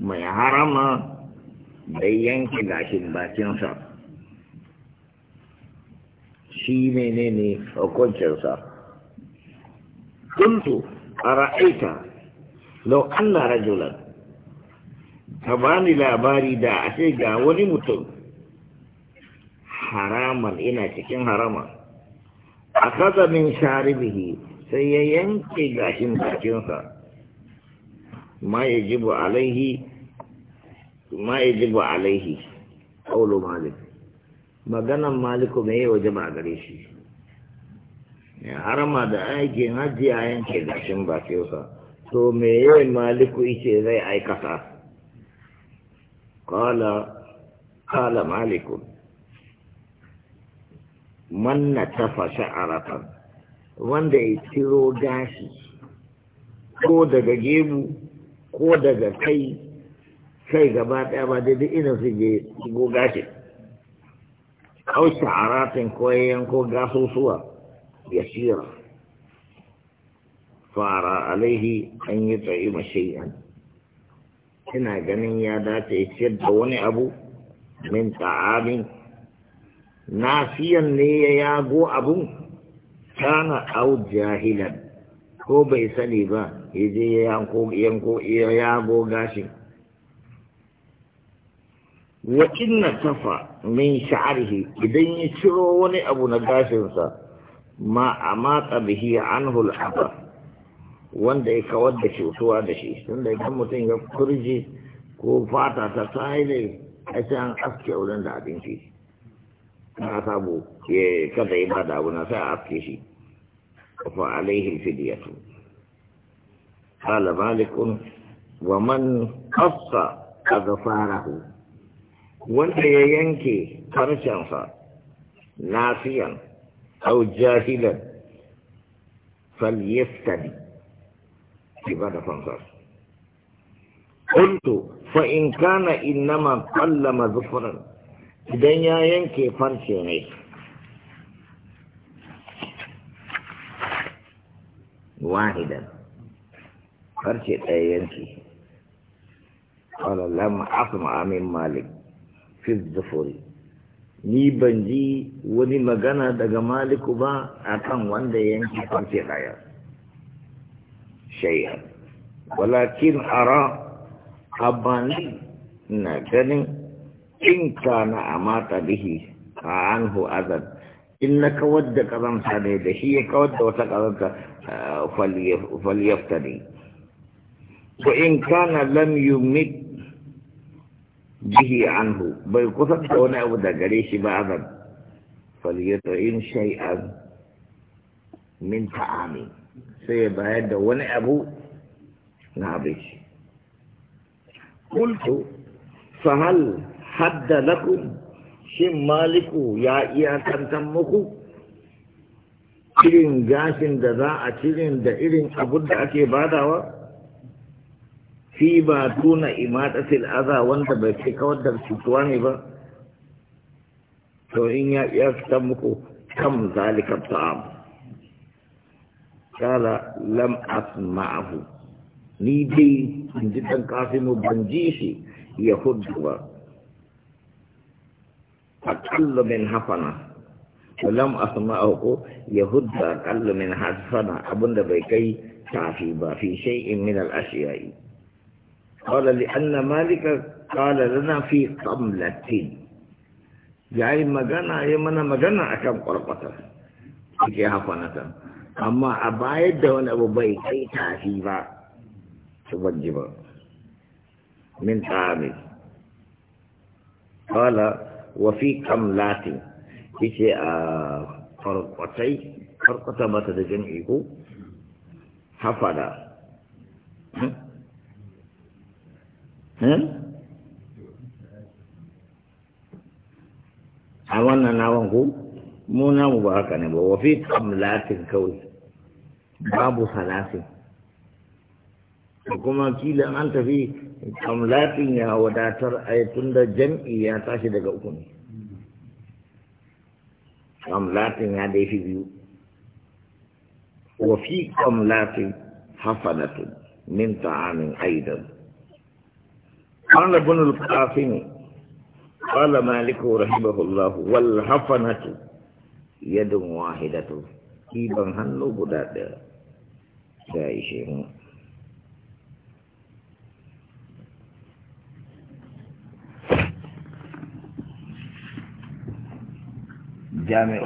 mai harama bai yanke gashin bakinsa shi menene ne hukuncinsa kuntu a ra'aita lau Allah rajulan ta bani labari da ashe ga wani mutum haraman ina cikin harama a min sharibihi sai ya yanke gashin bakinsa ما يجب عليه alaihi يجب maganan maliku mai waje gare shi ya harama da aikin hajji a yanke gashin bakinsa to me yawan maliku ice zai aikata kala kala maliku ta fashe tafa sha'aratan wanda ya ciro gashi ko daga gebu ko daga kai kai gaba ɗaya ba daidai ina su je go gashi kau sha'aratin koyayyan ko gasusuwa ya shira fara alaihi an yi tsayi shay'an ina ganin ya dace ciyar da wani abu min ta'amin nafiyan ne ya yago abun kana au jahilan ko bai sani ba ya je ya yanko ya yago gashin wa inna tafa min sha'rihi idan ya ciro wani abu na gashinsa ma amata bihi anhu al wanda ya kawar da cutuwa da shi da idan mutum ya kurje ko fata ta tsaye a can aske wurin da abinci na sabu ya kada ya bada abu na sai a aske shi Kofin Alayhi Sidiya tu. Ta lammali wa man afka a gafararsu. Wanda ya yanke farshen sa, na siyan au jahilan salyestani, kiba da fansa su. fa in gane innaman ɓallama zufuran, idan ya yanke farce ne. wahidan فرشة ɗaya yanki لم أسمع من malik. Fil zufuri ni ban ji wani magana daga maliku ba a kan wanda yanki farce ɗaya. shayya walakin ara abani na ganin in kana amata bihi a anhu azad إلا كود قدم سنيد هي كود وتقدم آه، فليفتني وإن كان لم يمت به عنه بل قصد دون أبدا قريش بعضا فليطعين شيئا من طعامي سيبهد وانا أبو نابش قلت فهل حد لكم shin maliku ya iya kantan muku irin gashin da za a cirin da irin abun da ake badawa fi ba tuna imatatil aza wanda bai kai kawar da cutuwa ne ba to in ya iya kantan muku kam zalika ta'am kala lam asma'ahu ni dai in ji dan mu ban ji shi ya hudu ba أقل من حفنة ولم أسمعه يهد أقل من حفنة أبن بكي تعفيبا في شيء من الأشياء قال لأن مالك قال لنا في قملة يعني مجانا يمنا مجانا أكم قرقة كي حفنة أما أبايد دون أبو بكي تعفيبا تبجبا من تعامل قال wafi kamlatin yace a farkwatai farkwata mata da jam'i iko hafada hmm? Hmm? a wannan nawan ku mu namu ba haka ne ba wafi kamlatin kawai babu salatin da kuma kila an tafi kamlatin ya wadatar a tun da jam'i ya tashi daga uku ne kamlatin ya dai fi biyu wafi kamlatin hasanatun min ta'amin aidan قال ابن القاسم قال مالك رحمه الله والحفنة يد واحدة كيبا هنو بدات دائشهم jami'u